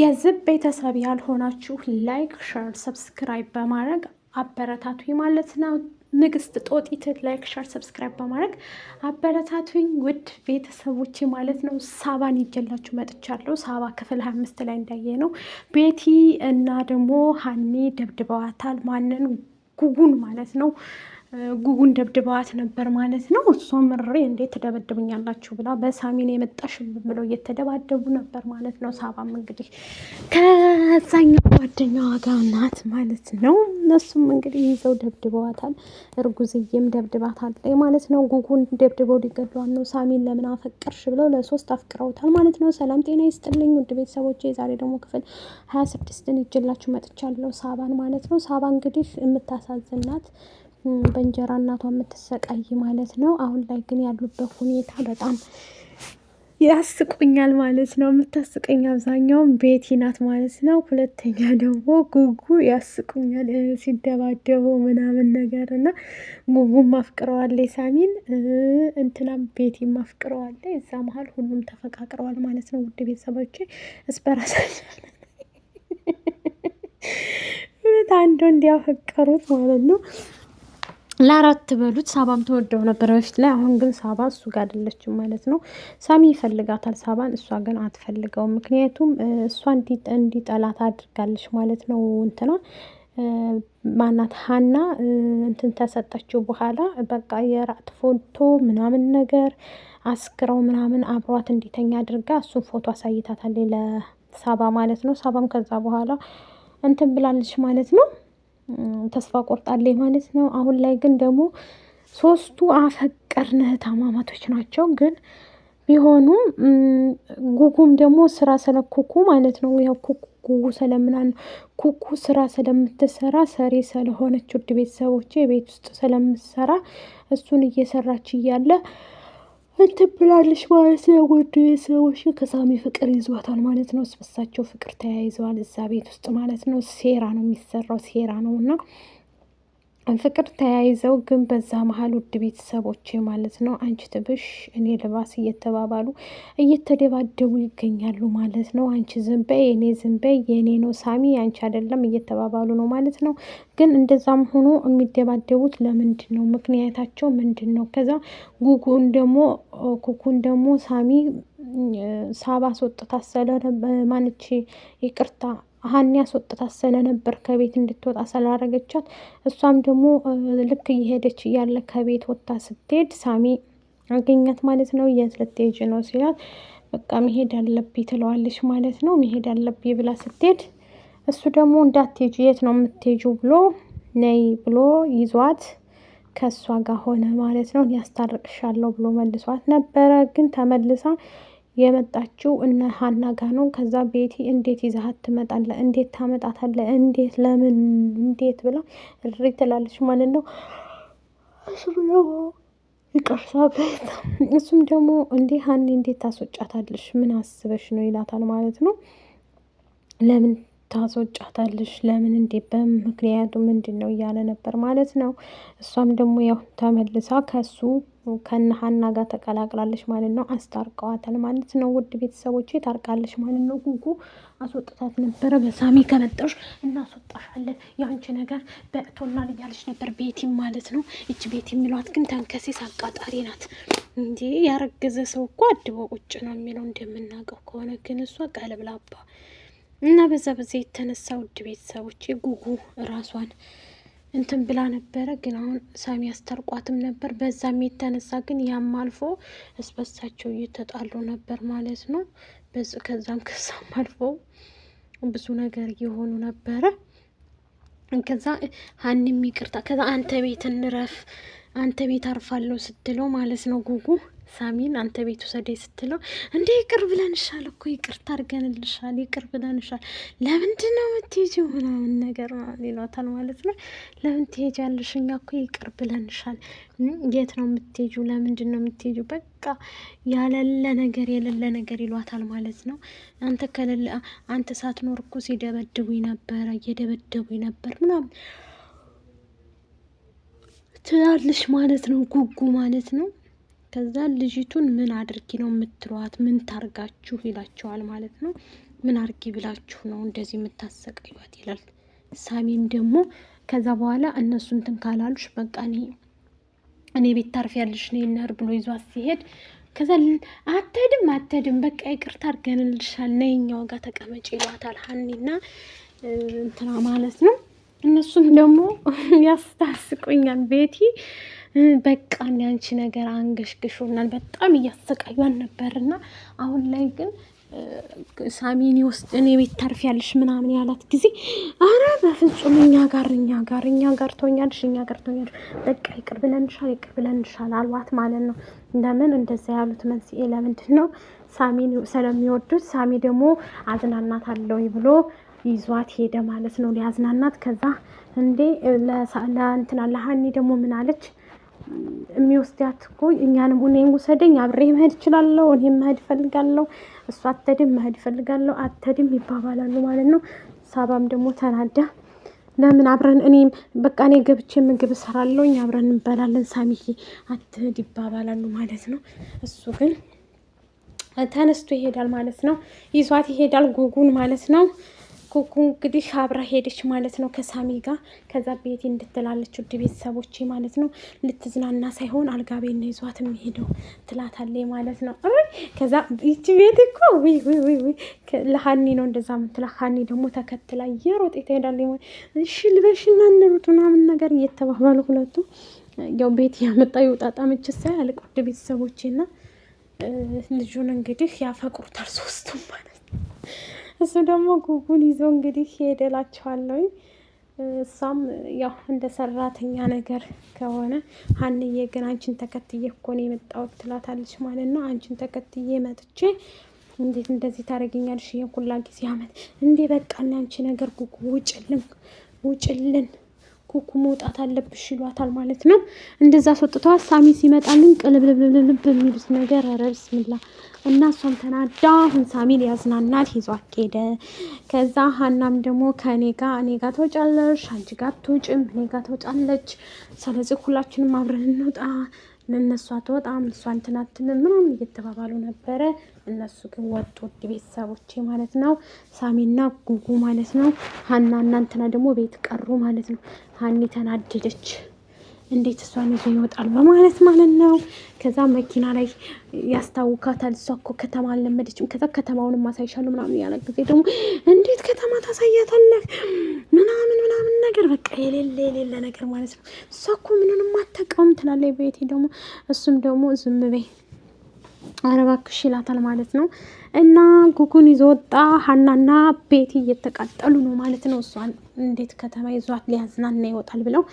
የዝብ ቤተሰብ ያልሆናችሁ ላይክ፣ ሸር፣ ሰብስክራይብ በማድረግ አበረታቱኝ ማለት ነው። ንግስት ጦጢት ላይክ ሸር ሰብስክራይብ በማድረግ አበረታቱኝ ውድ ቤተሰቦች ማለት ነው። ሳባን ይጀላችሁ መጥቻለሁ። ሳባ ክፍል ሀያ አምስት ላይ እንዳየ ነው ቤቲ እና ደግሞ ሀኒ ደብድበዋታል። ማንን ጉጉን ማለት ነው ጉጉን ደብድበዋት ነበር ማለት ነው። እሷ ምሬ እንዴት ትደበድቡኛላችሁ ብላ በሳሚን የመጣሽ ብለው እየተደባደቡ ነበር ማለት ነው። ሳባም እንግዲህ ከዛኛው ጓደኛዋ ጋር ናት ማለት ነው። እነሱም እንግዲህ ይዘው ደብድበዋታል። እርጉዝዬም ደብድባታለች ማለት ነው። ጉጉን ደብድበው ሊገድሏት ነው። ሳሚን ለምን አፈቀርሽ ብለው ለሶስት አፍቅረውታል ማለት ነው። ሰላም ጤና ይስጥልኝ ውድ ቤተሰቦች፣ የዛሬ ደግሞ ክፍል ሀያ ስድስትን ይዤላችሁ መጥቻለሁ። ሳባን ማለት ነው። ሳባ እንግዲህ የምታሳዝናት በእንጀራ እናቷ የምትሰቃይ ማለት ነው። አሁን ላይ ግን ያሉበት ሁኔታ በጣም ያስቁኛል ማለት ነው። የምታስቀኝ አብዛኛውን ቤቲ ናት ማለት ነው። ሁለተኛ ደግሞ ጉጉ ያስቁኛል ሲደባደቡ ምናምን ነገር እና ጉጉም አፍቅረዋለ ሳሚን፣ እንትናም ቤቲም አፍቅረዋለ። እዛ መሀል ሁሉም ተፈቃቅረዋል ማለት ነው። ውድ ቤተሰቦቼ እስበራሳቸው ሁለት አንዱ እንዲያፈቀሩት ማለት ነው። ለአራት በሉት ሳባም ተወደው ነበረ በፊት ላይ። አሁን ግን ሳባ እሱ ጋር አይደለችም ማለት ነው። ሳሚ ይፈልጋታል ሳባን፣ እሷ ግን አትፈልገውም። ምክንያቱም እሷ እንዲጠላት አድርጋለች ማለት ነው። እንትና ማናት ሀና እንትን ተሰጠችው በኋላ በቃ የራት ፎቶ ምናምን ነገር አስክረው ምናምን አብሯት እንዲተኛ አድርጋ እሱን ፎቶ አሳይታታል ለሳባ ማለት ነው። ሳባም ከዛ በኋላ እንትን ብላለች ማለት ነው። ተስፋ ቆርጣለች ማለት ነው። አሁን ላይ ግን ደግሞ ሶስቱ አፈቀርነ ታማማቶች ናቸው ግን ቢሆኑ ጉጉም ደግሞ ስራ ስለ ኩኩ ማለት ነው ያው ኩኩ ጉጉ ስለምናን ኩኩ ስራ ስለምትሰራ ሰሪ ስለሆነች ውድ ቤተሰቦች የቤት ውስጥ ስለምትሰራ እሱን እየሰራች እያለ እንትን ብላለች ማለት ነው። ወዱ የሰዎች ከሳሚ ፍቅር ይዟታል ማለት ነው። በሳቸው ፍቅር ተያይዘዋል እዛ ቤት ውስጥ ማለት ነው። ሴራ ነው የሚሰራው ሴራ ነው እና ፍቅር ተያይዘው ግን በዛ መሀል ውድ ቤተሰቦቼ ማለት ነው አንቺ ትብሽ እኔ ልባስ እየተባባሉ እየተደባደቡ ይገኛሉ ማለት ነው። አንቺ ዝም እኔ ዝንበይ የእኔ ነው ሳሚ አንቺ አይደለም እየተባባሉ ነው ማለት ነው። ግን እንደዛም ሆኖ የሚደባደቡት ለምንድን ነው? ምክንያታቸው ምንድን ነው? ከዛ ጉጉን ደግሞ ኩኩን ደግሞ ሳሚ ሳባ ታሰለ ማንቺ ይቅርታ ሀኒ አስወጥታት ስለነበር ከቤት እንድትወጣ ስላረገቻት እሷም ደግሞ ልክ እየሄደች እያለ ከቤት ወጥታ ስትሄድ ሳሚ አገኛት ማለት ነው። የት ልትሄጂ ነው ሲላት በቃ መሄድ አለብኝ ትለዋለች ማለት ነው። መሄድ አለብኝ ብላ ስትሄድ እሱ ደግሞ እንዳትሄጂ የት ነው የምትሄጂው ብሎ ነይ ብሎ ይዟት ከእሷ ጋር ሆነ ማለት ነው። ያስታርቅሻለሁ ብሎ መልሷት ነበረ ግን ተመልሳ የመጣችው እነ ሀና ጋ ነው። ከዛ ቤቲ እንዴት ይዛሀት ትመጣለ? እንዴት ታመጣታለ? እንዴት ለምን እንዴት ብላ እሪ ትላለች ማለት ነው። እሱም ደግሞ ይቅርታ ቤት እሱም ደግሞ እንዲህ ሀኒ እንዴት ታስወጫታለሽ? ምን አስበሽ ነው ይላታል ማለት ነው። ለምን ታስወጫታለሽ ለምን እንዴ በምክንያቱ ምንድን ነው እያለ ነበር ማለት ነው። እሷም ደግሞ ያው ተመልሳ ከሱ ከነሀና ጋር ተቀላቅላለች ማለት ነው። አስታርቀዋታል ማለት ነው። ውድ ቤተሰቦች ታርቃለች ማለት ነው። ጉጉ አስወጥታት ነበረ። በሳሚ ከመጣሽ እናስወጣሻለን የአንቺ ነገር በእቶናል እያለች ነበር ቤቲም ማለት ነው። ይች ቤት የሚሏት ግን ተንከሴስ አቃጣሪ ናት። እንዲ ያረገዘ ሰው እኮ አድቦ ቁጭ ነው የሚለው እንደምናውቀው ከሆነ ግን እሷ ቀለብላባ እና በዛ በዛ የተነሳ ውድ ቤተሰቦች ጉጉ ራሷን እንትን ብላ ነበረ። ግን አሁን ሳሚ አስታርቋትም ነበር። በዛም የተነሳ ግን ያም አልፎ እስበሳቸው እየተጣሉ ነበር ማለት ነው። ከዛም ከዛም አልፎ ብዙ ነገር እየሆኑ ነበረ። ከዛ ሀኒም ይቅርታ፣ ከዛ አንተ ቤት እንረፍ፣ አንተ ቤት አርፋለሁ ስትለው ማለት ነው ጉጉ ሳሚን አንተ ቤት ውሰደኝ ስትለው እንደ ይቅር ብለንሻል እኮ ይቅር ታርገንልሻል ይቅር ብለንሻል፣ ለምንድን ነው የምትሄጂው ምናምን ነገር ይሏታል ማለት ነው። ለምን ትሄጃለሽ? እኛ እኮ ይቅር ብለንሻል። የት ነው የምትሄጂው? ለምንድን ነው የምትሄጂው? በቃ ያለለ ነገር የለለ ነገር ይሏታል ማለት ነው። አንተ ከሌለ አንተ ሳትኖር እኮ ሲደበድቡ ነበረ፣ እየደበደቡ ነበር ምናምን ትላለች ማለት ነው። ጉጉ ማለት ነው። ከዛ ልጅቱን ምን አድርጊ ነው የምትሏት? ምን ታርጋችሁ ይላቸዋል ማለት ነው። ምን አድርጊ ብላችሁ ነው እንደዚህ የምታሰቃዩት ይላል። ሳሚም ደግሞ ከዛ በኋላ እነሱ እንትን ካላሉሽ በቃ እኔ እኔ ቤት ታርፍ ያለሽ ነው ይናር ብሎ ይዟት ሲሄድ ከዛ አትሄድም አትሄድም በቃ ይቅርታ አድርገንልሻል ነይኛው ጋር ተቀመጭ ይሏታል። ሀኒና እንትና ማለት ነው። እነሱም ደግሞ ያስታስቁኛል ቤቲ በቃን ያንቺ ነገር አንገሽግሾናል፣ በጣም እያሰቃዩን ነበር እና አሁን ላይ ግን ሳሚኒ ውስጥ እኔ ቤት ታርፊያለሽ ምናምን ያላት ጊዜ አረ በፍጹም እኛ ጋር እኛ ጋር እኛ ጋር ተወኛለሽ እኛ ጋር ተወኛለሽ፣ በቃ ይቅር ብለንሻል፣ ይቅር ብለንሻል አልዋት ማለት ነው። ለምን እንደዛ ያሉት መንስኤ ለምንድን ነው? ሳሚን ስለሚወዱት ሳሚ ደግሞ አዝናናት አለው ብሎ ይዟት ሄደ ማለት ነው ሊያዝናናት። ከዛ እንዴ ለእንትና ለሀኒ ደግሞ ምን አለች? የሚወስዳት እኮ እኛንም እኔን ውሰደኝ አብሬ መሄድ እችላለሁ፣ እኔ መሄድ እፈልጋለሁ፣ እሱ አተድም መሄድ እፈልጋለሁ፣ አተድም ይባባላሉ ማለት ነው። ሳባም ደግሞ ተናዳ ለምን አብረን እኔም በቃ እኔ ገብቼ ምግብ እሰራለሁ፣ አብረን እንበላለን፣ ሳሚዬ አትሄድ ይባባላሉ ማለት ነው። እሱ ግን ተነስቶ ይሄዳል ማለት ነው። ይዟት ይሄዳል ጉጉን ማለት ነው። ኩኩ እንግዲህ አብራ ሄደች ማለት ነው ከሳሚ ጋር። ከዛ ቤቲ እንድትላለች ውድ ቤተሰቦች ማለት ነው ልትዝናና ሳይሆን አልጋ አልጋቤን ነው ይዟት የሚሄደው ትላታለ ማለት ነው። ከዛ ይቺ ቤት እኮ ለሀኒ ነው እንደዛ ምትላ፣ ሀኒ ደግሞ ተከትላ የሮጥ የተሄዳለ እሺ ልበሽ እና እንሩጥ ምናምን ነገር እየተባባሉ ሁለቱ ያው ቤት ያመጣ ይውጣጣ ምችሳ ያልቅ ውድ ቤተሰቦቼ እና ልጁን እንግዲህ ያፈቅሩታል ሶስቱም ማለት ነው። እሱ ደግሞ ጉጉን ይዞ እንግዲህ ሄደላችኋለሁ። እሷም ያው እንደ ሰራተኛ ነገር ከሆነ ሀንዬ ግን አንቺን ተከትዬ እኮ ነው የመጣሁት ትላታለች ማለት ነው። አንቺን ተከትዬ መጥቼ እንዴት እንደዚህ ታደርጊኛለሽ? ይሄን ሁላ ጊዜ አመት እንዴ! በቃ አንቺ ነገር ጉጉ ውጭልን፣ ውጭልን ከኩኩ መውጣት አለብሽ ይሏታል ማለት ነው። እንደዛ አስወጥተዋል። ሳሚ ሲመጣልን ቅልብልብልብ የሚሉት ነገር ኧረ ብስምላ እና እሷም ተናዳ አሁን ሳሚን ያዝናናት ይዟት ሄደ። ከዛ ሀናም ደግሞ ከእኔ ጋር እኔ ጋር ተወጫለሽ፣ አንቺ ጋር አትወጭም፣ እኔ ጋር ተወጫለች። ስለዚህ ሁላችንም አብረን እንውጣ ለእነሱ አትወጣም እሷ እንትን አትልም ምናምን እየተባባሉ ነበረ። እነሱ ግን ወጡ። ውድ ቤተሰቦቼ ማለት ነው ሳሚና ጉጉ ማለት ነው ሀና እናንትና ደግሞ ቤት ቀሩ ማለት ነው። ሀኒ ተናደደች። እንዴት እሷን ይዞ ይወጣል በማለት ማለት ነው። ከዛ መኪና ላይ ያስታውካታል። እሷ እኮ ከተማ አልለመደችም። ከዛ ከተማውን ማሳይሻሉ ምናምን ያለ ጊዜ ደግሞ እንዴት ከተማ ታሳያታለህ ምናምን ምናምን ነገር በቃ የሌለ የሌለ ነገር ማለት ነው። እሷ እኮ ምንንም አታውቅም ትላለች። ቤቴ ደግሞ እሱም ደግሞ ዝም በይ ኧረ እባክሽ ይላታል ማለት ነው። እና ጉጉን ይዞ ወጣ። ሀናና ቤቲ እየተቃጠሉ ነው ማለት ነው። እሷን እንዴት ከተማ ይዟት ሊያዝናና ይወጣል ብለው